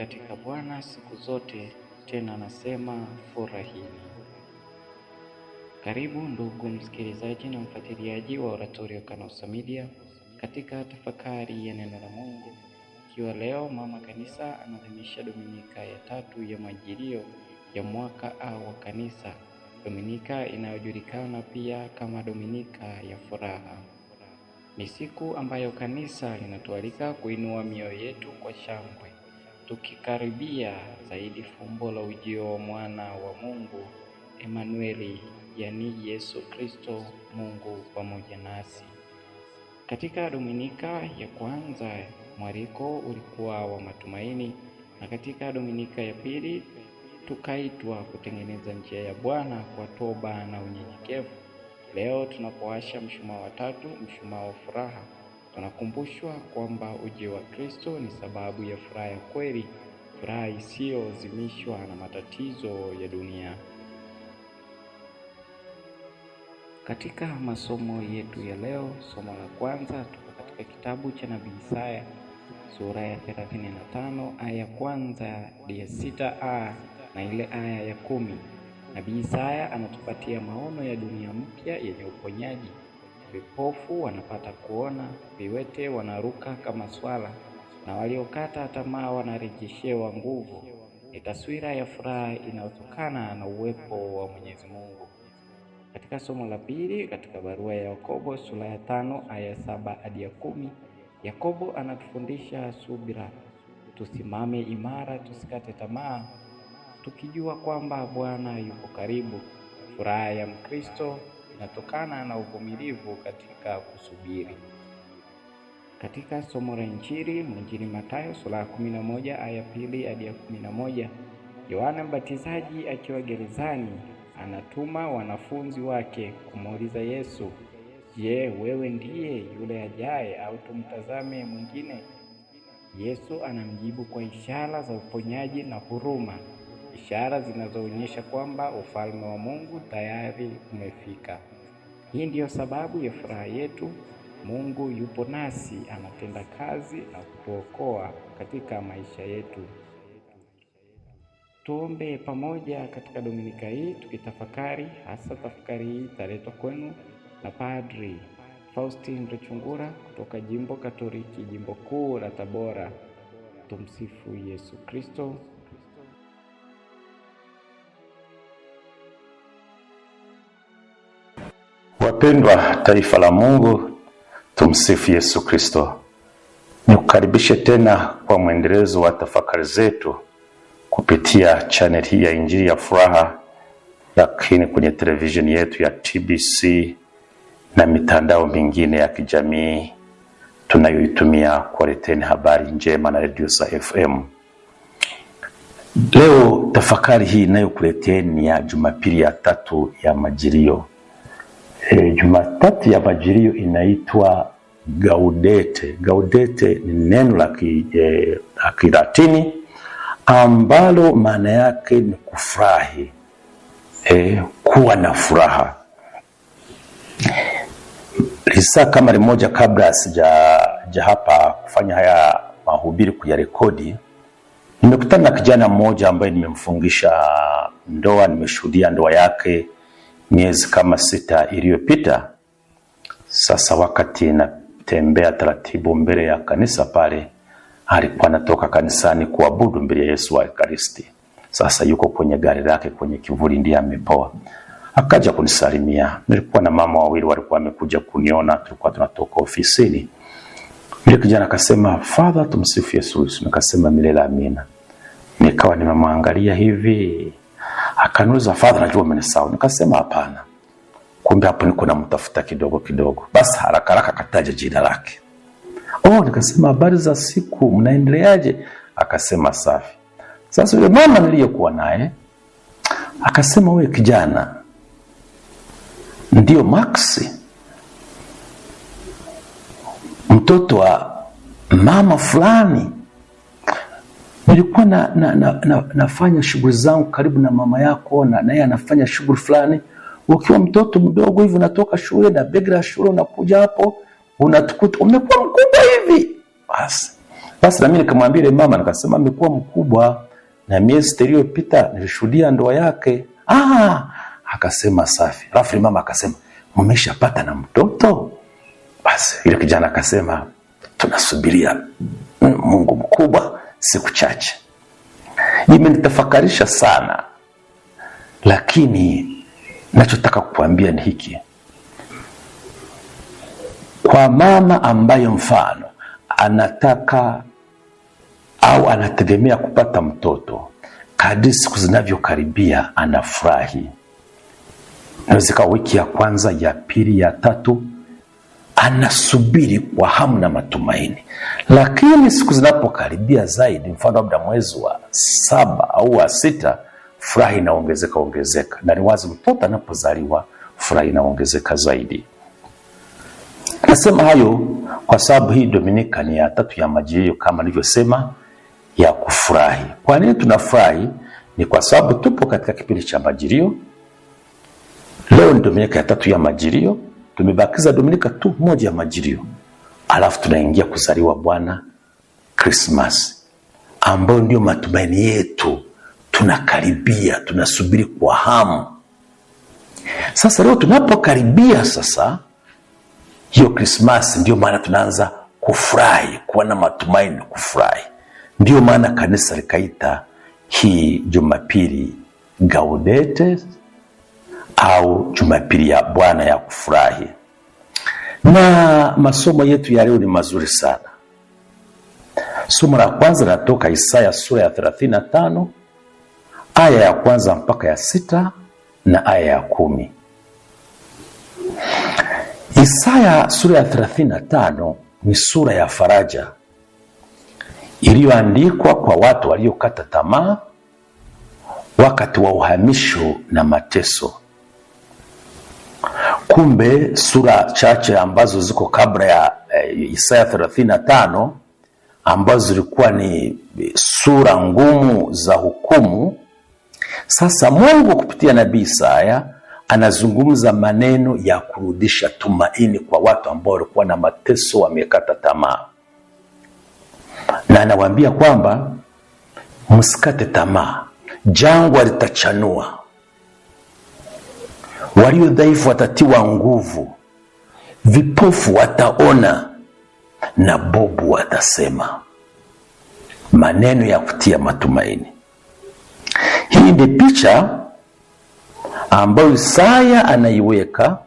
katika Bwana siku zote, tena anasema furahini. Karibu ndugu msikilizaji na mfuatiliaji wa Oratorio Kanosa Media katika tafakari ya neno la Mungu, ikiwa leo mama kanisa anaadhimisha dominika ya tatu ya majilio ya mwaka A wa kanisa, dominika inayojulikana pia kama dominika ya furaha. Ni siku ambayo kanisa linatualika kuinua mioyo yetu kwa shangwe tukikaribia zaidi fumbo la ujio wa mwana wa Mungu Emanueli, yani Yesu Kristo Mungu pamoja nasi. Katika Dominika ya kwanza mwaliko ulikuwa wa matumaini, na katika Dominika ya pili tukaitwa kutengeneza njia ya Bwana kwa toba na unyenyekevu. Leo tunapowasha mshumaa wa tatu, mshumaa wa furaha Tunakumbushwa kwamba ujio wa Kristo ni sababu ya furaha ya kweli, furaha isiyozimishwa na matatizo ya dunia. Katika masomo yetu ya leo, somo la kwanza tuko katika kitabu cha nabii Isaya sura ya 35 aya ya kwanza ya sita a na ile aya ya kumi. Nabii Isaya anatupatia maono ya dunia mpya yenye uponyaji vipofu wanapata kuona, viwete wanaruka kama swala, na waliokata tamaa wanarejeshewa nguvu. Ni taswira ya furaha inayotokana na uwepo wa Mwenyezi Mungu. Katika somo la pili katika barua ya Yakobo sura ya tano aya saba hadi ya kumi Yakobo anatufundisha subira, tusimame imara, tusikate tamaa, tukijua kwamba Bwana yuko karibu. Furaha ya Mkristo inatokana na uvumilivu katika kusubiri. Katika somo la Injili, mwinjili Mathayo sura ya kumi na moja aya pili hadi ya kumi na moja Yohana Mbatizaji akiwa gerezani anatuma wanafunzi wake kumuuliza Yesu, Je, wewe ndiye yule ajaye au tumtazame mwingine? Yesu anamjibu kwa ishara za uponyaji na huruma ishara zinazoonyesha kwamba ufalme wa Mungu tayari umefika. Hii ndiyo sababu ya furaha yetu. Mungu yupo nasi, anatenda kazi na kutuokoa katika maisha yetu. Tuombe pamoja katika dominika hii tukitafakari, hasa tafakari hii italetwa kwenu na Padri Faustin Rechungura kutoka jimbo Katoliki jimbo kuu la Tabora. Tumsifu Yesu Kristo. Wapendwa taifa la Mungu, tumsifu Yesu Kristo. Nikukaribishe tena kwa mwendelezo wa tafakari zetu kupitia channel hii ya Injili ya Furaha, lakini kwenye televisheni yetu ya TBC na mitandao mingine ya kijamii tunayoitumia kuwaleteni habari njema na redio za FM. Leo tafakari hii inayokuleteni ya Jumapili ya tatu ya Majilio. E, Jumatatu ya Majilio inaitwa Gaudete. Gaudete ni neno la e, Kilatini ambalo maana yake ni kufurahi, e, kuwa na furaha. Lisa kama limoja kabla sija hapa kufanya haya mahubiri kuyarekodi, nimekutana na kijana mmoja ambaye nimemfungisha ndoa, nimeshuhudia ndoa yake miezi kama sita iliyopita. Sasa wakati natembea taratibu mbele ya kanisa pale, alikuwa anatoka kanisani kuabudu mbele ya Yesu wa Ekaristi. Sasa yuko kwenye gari lake kwenye kivuli, ndiye amepoa. Akaja kunisalimia. Nilikuwa na mama wawili walikuwa wamekuja kuniona, tulikuwa tunatoka ofisini. Yule kijana akasema, "Father, tumsifu Yesu." Nikasema, "Milele amina." Nikawa nimemwangalia hivi Akaniuliza, fadha, najua umenisahau. Nikasema hapana, kumbe hapo niko namtafuta kidogo kidogo. Basi haraka haraka akataja jina lake. Oh, nikasema habari za siku, mnaendeleaje? Akasema safi. Sasa yule mama niliyokuwa naye akasema, wewe kijana, ndio Max mtoto wa mama fulani nilikuwa na, na, na, na, nafanya shughuli zangu karibu na mama yako, na naye anafanya shughuli fulani. Ukiwa mtoto mdogo hivi unatoka shule na begi la shule unakuja hapo unatukuta umekuwa mkubwa hivi. Basi basi, nami nikamwambia ile mama, nikasema amekuwa mkubwa na miezi iliyopita nilishuhudia ndoa yake. Ah, akasema safi. Alafu mama akasema mmeshapata na mtoto? Basi ile kijana akasema tunasubiria Mungu mkubwa siku chache. Imenitafakarisha sana, lakini nachotaka kukuambia ni hiki: kwa mama ambaye mfano anataka au anategemea kupata mtoto, kadri siku zinavyokaribia anafurahi. Inaweza wiki ya kwanza, ya pili, ya tatu anasubiri kwa hamu na matumaini, lakini siku zinapokaribia zaidi, mfano labda mwezi wa saba au wa sita, furaha inaongezeka ongezeka, na ni wazi mtoto anapozaliwa furaha inaongezeka zaidi. Nasema hayo kwa sababu hii Dominika ni ya tatu ya Majilio kama nilivyosema, ya kufurahi. Kwa nini tunafurahi? Ni kwa sababu tupo katika kipindi cha Majilio. Leo ni Dominika ya tatu ya Majilio tumebakiza Dominika tu moja ya majilio, alafu tunaingia kuzaliwa Bwana Christmas, ambayo ndio matumaini yetu, tunakaribia, tunasubiri kwa hamu. Sasa leo tunapokaribia sasa hiyo Krismasi, ndiyo maana tunaanza kufurahi, kuwa na matumaini, kufurahi. Ndiyo maana kanisa likaita hii Jumapili Gaudete au Jumapili ya Bwana ya kufurahi. Na masomo yetu ya leo ni mazuri sana. Somo la kwanza linatoka Isaya sura ya 35 aya ya kwanza mpaka ya sita na aya ya kumi. Isaya sura ya 35 ni sura ya faraja iliyoandikwa kwa watu waliokata tamaa wakati wa uhamisho na mateso. Kumbe sura chache ambazo ziko kabla ya eh, Isaya 35 ambazo zilikuwa ni sura ngumu za hukumu. Sasa Mungu kupitia nabii Isaya anazungumza maneno ya kurudisha tumaini kwa watu ambao walikuwa na mateso, wamekata tamaa, na anawaambia kwamba msikate tamaa, jangwa litachanua walio dhaifu watatiwa nguvu, vipofu wataona na bubu watasema maneno ya kutia matumaini. Hii ni picha ambayo Isaya anaiweka,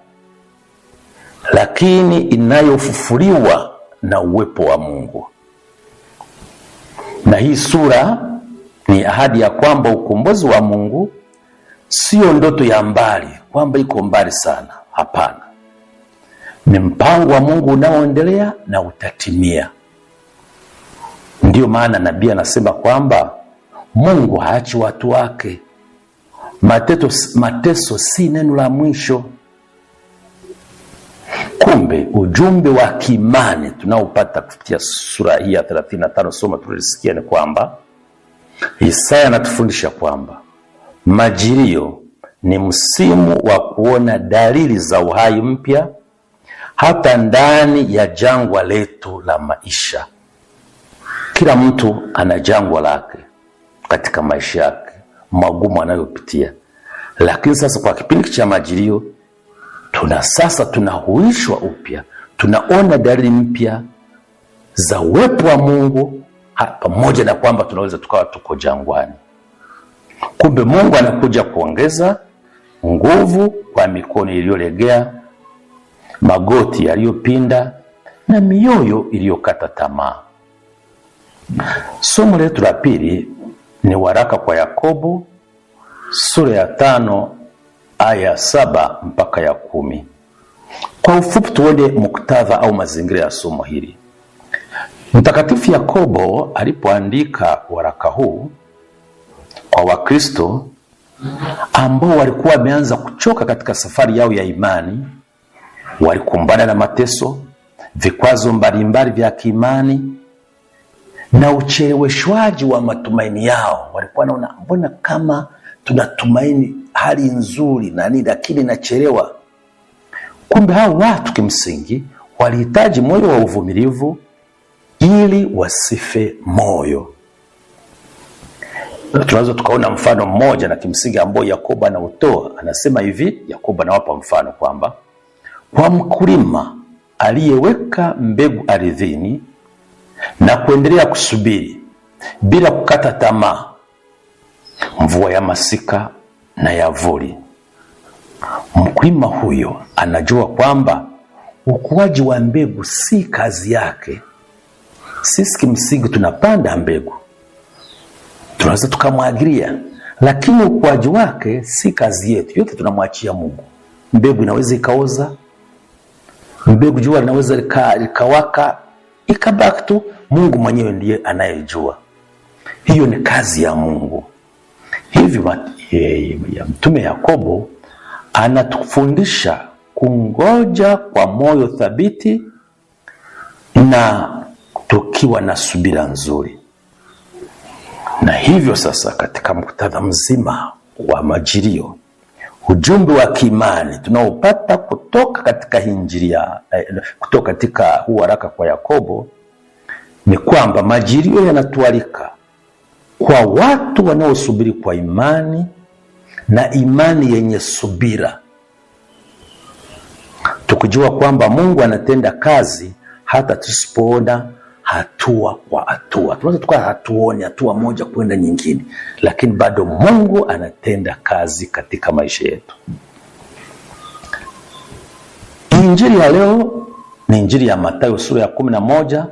lakini inayofufuliwa na uwepo wa Mungu. Na hii sura ni ahadi ya kwamba ukombozi wa Mungu sio ndoto ya mbali kwamba iko mbali sana, hapana. Ni mpango wa Mungu unaoendelea na utatimia. Ndiyo maana nabii anasema kwamba Mungu haachi watu wake. Mateto, mateso si neno la mwisho. Kumbe ujumbe wa kiimani tunaopata kupitia sura hii ya 35 somo tulilisikia ni kwamba Isaya anatufundisha kwamba Majilio ni msimu wa kuona dalili za uhai mpya hata ndani ya jangwa letu la maisha. Kila mtu ana jangwa lake katika maisha yake magumu anayopitia, lakini sasa kwa kipindi cha majilio tuna sasa tunahuishwa upya, tunaona dalili mpya za uwepo wa Mungu pamoja na kwamba tunaweza tukawa tuko jangwani. Kumbe Mungu anakuja kuongeza nguvu kwa mikono iliyolegea, magoti yaliyopinda na mioyo iliyokata tamaa. Somo letu la pili ni waraka kwa Yakobo sura ya tano aya saba mpaka ya kumi. Kwa ufupi tuone muktadha au mazingira ya somo hili. Mtakatifu Yakobo alipoandika waraka huu kwa Wakristo ambao walikuwa wameanza kuchoka katika safari yao ya imani, walikumbana na mateso, vikwazo mbalimbali vya kiimani na ucheleweshwaji wa matumaini yao. Walikuwa naona mbona kama tunatumaini hali nzuri na nini, lakini inachelewa. Kumbe hao watu kimsingi walihitaji moyo wa uvumilivu ili wasife moyo tunaweza tukaona mfano mmoja na kimsingi ambao Yakobo anautoa, anasema hivi, Yakobo anawapa mfano kwamba kwa mkulima aliyeweka mbegu ardhini na kuendelea kusubiri bila kukata tamaa mvua ya masika na ya vuli, mkulima huyo anajua kwamba ukuaji wa mbegu si kazi yake. Sisi kimsingi tunapanda mbegu tunaweza tukamwagilia, lakini ukuaji wake si kazi yetu, yote tunamwachia Mungu. Mbegu inaweza ikaoza, mbegu jua linaweza likawaka ikabaki tu, Mungu mwenyewe ndiye anayejua. Hiyo ni kazi ya Mungu. E, ya Mtume Yakobo anatufundisha kungoja kwa moyo thabiti na tukiwa na subira nzuri. Na hivyo sasa, katika muktadha mzima wa Majilio, ujumbe wa kiimani tunaopata kutoka katika injili ya eh, kutoka katika huu waraka kwa Yakobo ni kwamba majilio yanatualika kwa watu wanaosubiri kwa imani na imani yenye subira, tukijua kwamba Mungu anatenda kazi hata tusipoona hatua kwa hatua. Tunaweza tukaa hatuoni hatua moja kwenda nyingine, lakini bado Mungu anatenda kazi katika maisha yetu. Injili ya leo ni Injili ya Mathayo sura ya kumi na moja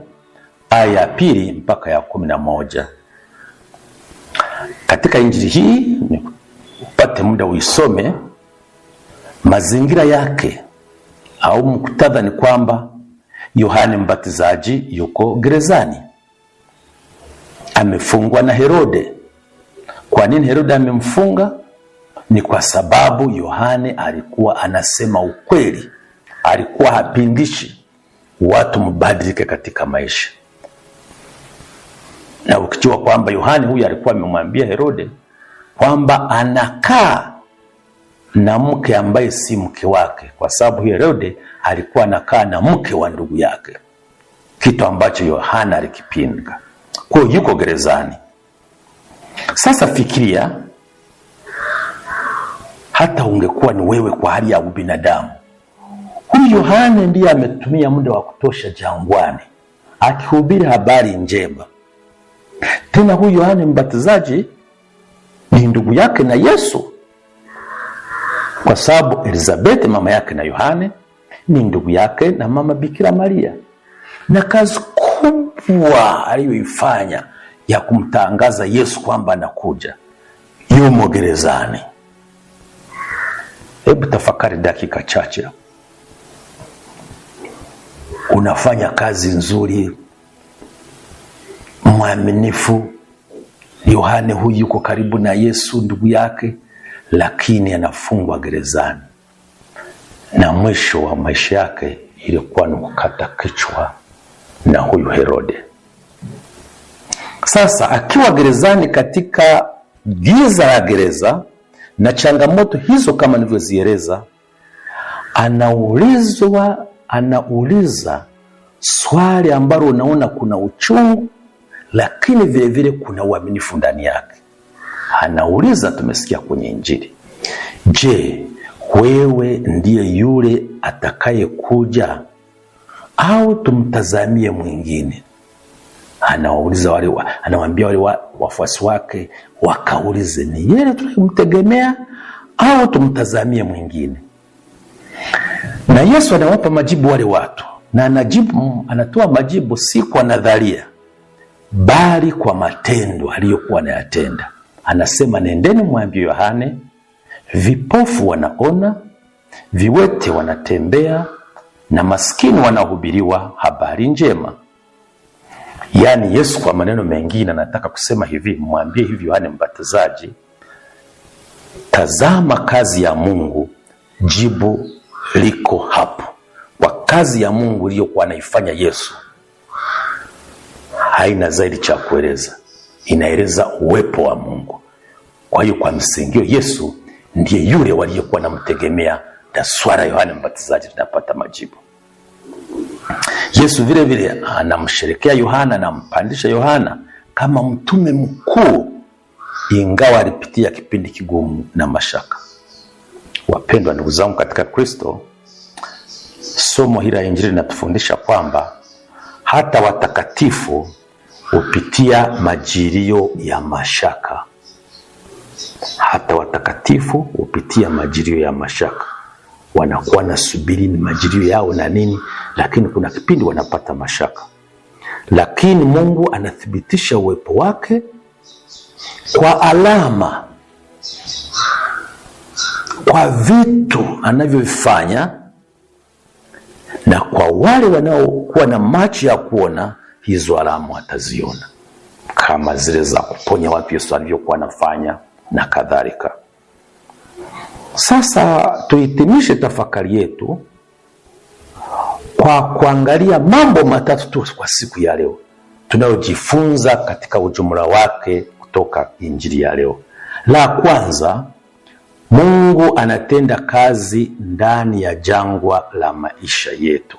aya ya pili mpaka ya kumi na moja. Katika injili hii ni upate muda uisome. Mazingira yake au muktadha ni kwamba Yohane Mbatizaji yuko gerezani, amefungwa na Herode. Kwa nini Herode amemfunga? Ni kwa sababu Yohane alikuwa anasema ukweli, alikuwa hapindishi watu mbadilike katika maisha. Na ukijua kwamba Yohane huyu alikuwa amemwambia Herode kwamba anakaa na mke ambaye si mke wake, kwa sababu Herode alikuwa anakaa na mke wa ndugu yake, kitu ambacho Yohana alikipinga. Kwa hiyo yuko gerezani. Sasa fikiria, hata ungekuwa ni wewe kwa hali ya ubinadamu, huyu Yohana ndiye ametumia muda wa kutosha jangwani akihubiri habari njema. Tena huyu Yohana Mbatizaji ni ndugu yake na Yesu kwa sababu Elizabeth mama yake na Yohane ni ndugu yake na mama Bikira Maria, na kazi kubwa aliyoifanya ya kumtangaza Yesu kwamba anakuja yumo gerezani. Hebu tafakari dakika chache. Unafanya kazi nzuri, mwaminifu. Yohane huyu yuko karibu na Yesu, ndugu yake lakini anafungwa gerezani na mwisho wa maisha yake ilikuwa ni kukata kichwa na huyu Herode. Sasa akiwa gerezani katika giza la gereza na changamoto hizo kama nilivyozieleza, anaulizwa anauliza swali ambalo unaona kuna uchungu, lakini vilevile vile kuna uaminifu ndani yake. Anauliza, tumesikia kwenye Injili, je, wewe ndiye yule atakayekuja au tumtazamie mwingine? Anawauliza wale, anawaambia wale wa, wafuasi wake wakaulize, ni yeye tunayemtegemea au tumtazamie mwingine? Na Yesu anawapa majibu wale watu, na anajibu, anatoa majibu si kwa nadharia, bali kwa matendo aliyokuwa anayatenda anasema nendeni, mwambie Yohane, vipofu wanaona, viwete wanatembea, na maskini wanahubiriwa habari njema. Yaani Yesu kwa maneno mengine anataka kusema hivi, mwambie hivi Yohane Mbatizaji, tazama kazi ya Mungu, jibu liko hapo. Kwa kazi ya Mungu iliyokuwa anaifanya Yesu, haina zaidi cha kueleza inaeleza uwepo wa Mungu. Kwa hiyo kwa msingi huo Yesu ndiye yule waliyekuwa namtegemea na swala Yohana Mbatizaji tunapata majibu. Yesu vile vile anamsherekea Yohana, anampandisha Yohana kama mtume mkuu, ingawa alipitia kipindi kigumu na mashaka. Wapendwa ndugu zangu katika Kristo, somo hili la Injili linatufundisha kwamba hata watakatifu hupitia majirio ya mashaka, hata watakatifu hupitia majirio ya mashaka. Wanakuwa na subiri ni majirio yao na nini, lakini kuna kipindi wanapata mashaka, lakini Mungu anathibitisha uwepo wake kwa alama, kwa vitu anavyovifanya na kwa wale wanaokuwa na macho ya kuona hizo alama wataziona kama zile za kuponya watu Yesu alivyokuwa anafanya na kadhalika. Sasa tuhitimishe tafakari yetu kwa kuangalia mambo matatu tu kwa siku ya leo tunayojifunza katika ujumla wake kutoka injili ya leo. La kwanza, Mungu anatenda kazi ndani ya jangwa la maisha yetu.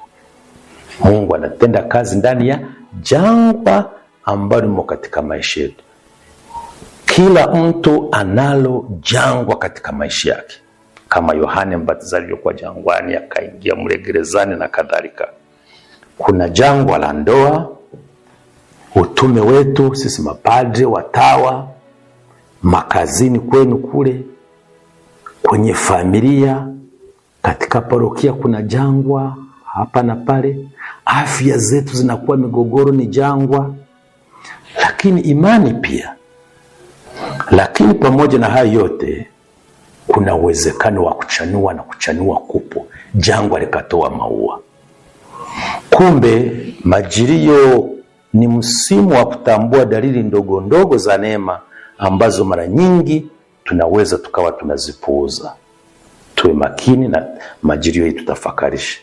Mungu anatenda kazi ndani ya jangwa ambalo limo katika maisha yetu. Kila mtu analo jangwa katika maisha yake, kama Yohane Mbatizaji alikuwa jangwani akaingia mle gerezani na kadhalika. Kuna jangwa la ndoa, utume wetu sisi mapadre, watawa, makazini kwenu kule, kwenye familia, katika parokia kuna jangwa hapa na pale afya zetu zinakuwa migogoro, ni jangwa, lakini imani pia. Lakini pamoja na hayo yote, kuna uwezekano wa kuchanua na kuchanua kupo, jangwa likatoa maua. Kumbe majirio ni msimu wa kutambua dalili ndogo ndogo za neema ambazo mara nyingi tunaweza tukawa tunazipuuza. Tuwe makini na majirio yetu, tutafakarishe.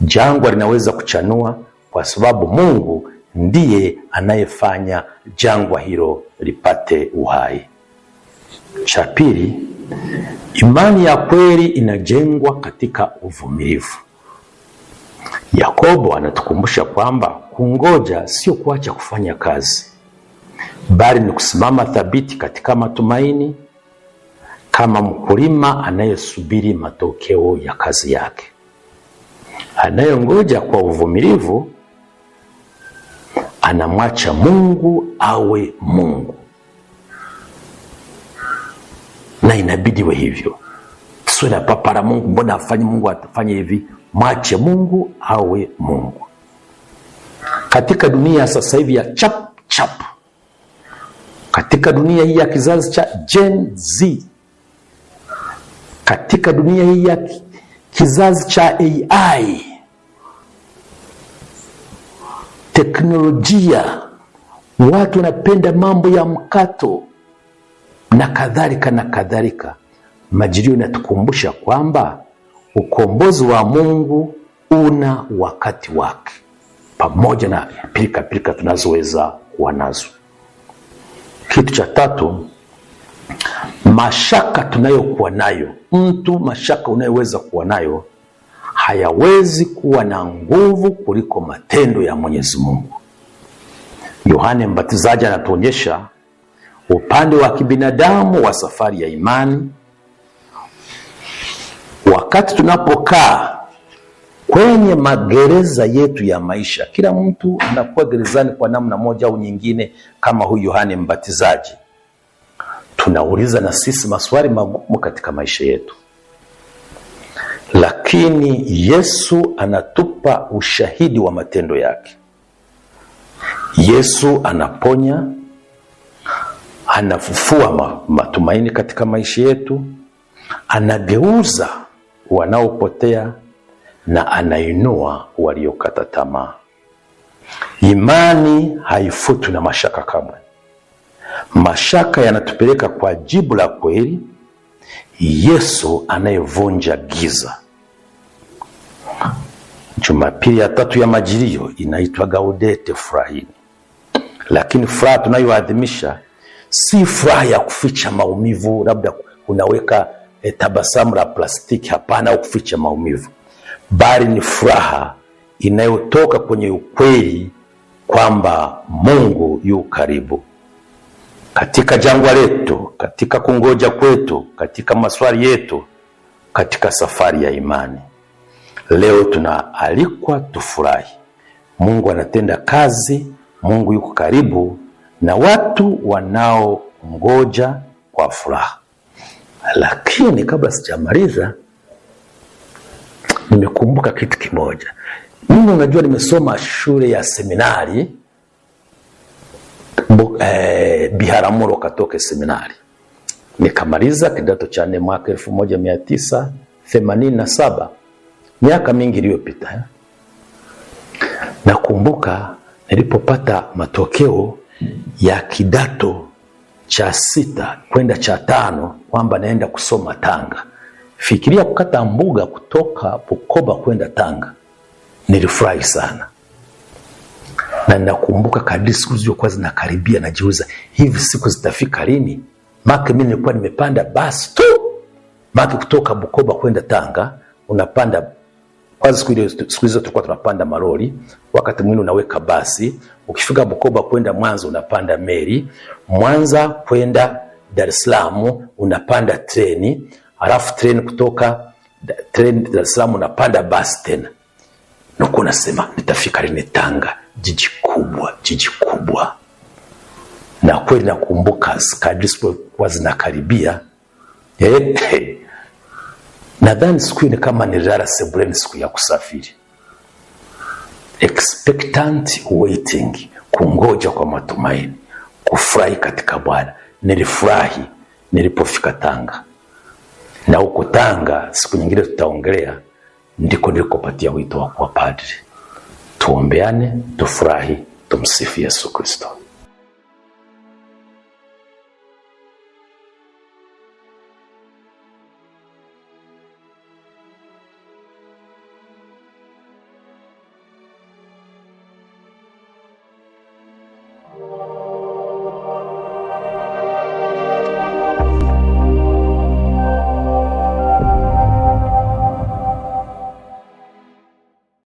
Jangwa linaweza kuchanua kwa sababu Mungu ndiye anayefanya jangwa hilo lipate uhai. Cha pili, imani ya kweli inajengwa katika uvumilivu. Yakobo anatukumbusha kwamba kungoja sio kuacha kufanya kazi, bali ni kusimama thabiti katika matumaini, kama mkulima anayesubiri matokeo ya kazi yake. Anayongoja kwa uvumilivu anamwacha Mungu awe Mungu, na inabidi we hivyo. Sio na papara Mungu, mbona afanye Mungu atafanye hivi? Mwache Mungu awe Mungu. Katika dunia sasa hivi ya chap chap, katika dunia hii ya kizazi cha Gen Z, katika dunia hii ya kizazi cha AI, teknolojia, watu wanapenda mambo ya mkato na kadhalika na kadhalika. Majilio inatukumbusha kwamba ukombozi wa Mungu una wakati wake, pamoja na pilika pilika tunazoweza kuwa nazo. Kitu cha tatu mashaka tunayokuwa nayo mtu, mashaka unayoweza kuwa nayo hayawezi kuwa na nguvu kuliko matendo ya Mwenyezi Mungu. Yohane Mbatizaji anatuonyesha upande wa kibinadamu wa safari ya imani. Wakati tunapokaa kwenye magereza yetu ya maisha, kila mtu anakuwa gerezani kwa namna moja au nyingine, kama huyu Yohane Mbatizaji tunauliza na sisi maswali magumu katika maisha yetu, lakini Yesu anatupa ushahidi wa matendo yake. Yesu anaponya, anafufua matumaini katika maisha yetu, anageuza wanaopotea na anainua waliokata tamaa. Imani haifutwi na mashaka kamwe. Mashaka yanatupeleka kwa jibu la kweli, Yesu anayevunja giza. Jumapili ya tatu ya Majilio inaitwa Gaudete Furahini, lakini furaha tunayoadhimisha si furaha ya kuficha maumivu, labda unaweka eh, tabasamu la plastiki. Hapana, au kuficha maumivu, bali ni furaha inayotoka kwenye ukweli kwamba Mungu yu karibu katika jangwa letu, katika kungoja kwetu, katika maswali yetu, katika safari ya imani. Leo tunaalikwa tufurahi. Mungu anatenda kazi, Mungu yuko karibu na watu wanaomgoja kwa furaha. Lakini kabla sijamaliza, nimekumbuka kitu kimoja. Mimi unajua, nimesoma shule ya seminari eh, Biharamulo Katoke Seminari. Nikamaliza kidato cha nne mwaka elfu moja mia tisa themanini na saba, miaka mingi iliyopita. Eh. Nakumbuka nilipopata matokeo ya kidato cha sita kwenda cha tano kwamba naenda kusoma Tanga. Fikiria kukata mbuga kutoka Bukoba kwenda Tanga. Nilifurahi sana na ninakumbuka kadri siku zilivyokuwa zinakaribia, najiuliza hivi siku zitafika lini? Maki mimi nilikuwa nimepanda basi tu maki kutoka Bukoba kwenda Tanga, unapanda kwanza. Siku hizo siku hizo tulikuwa tunapanda maroli, wakati mwingine unaweka basi. Ukifika Bukoba kwenda Mwanza unapanda meli, Mwanza kwenda Dar es Salaam unapanda treni, halafu treni kutoka treni Dar es Salaam unapanda basi tena. nuko nasema nitafika lini Tanga? jiji kubwa, jiji kubwa. Na kweli nakumbuka kadri zilipokuwa zinakaribia eh, nadhani siku ni kama nililala sebuleni siku ya kusafiri, expectant waiting, kungoja kwa matumaini, kufurahi katika Bwana. Nilifurahi nilipofika Tanga, na huko Tanga siku nyingine tutaongelea, ndiko nilikopatia wito wa kuwa padri tuombeane, tufurahi. Tumsifu Yesu Kristo.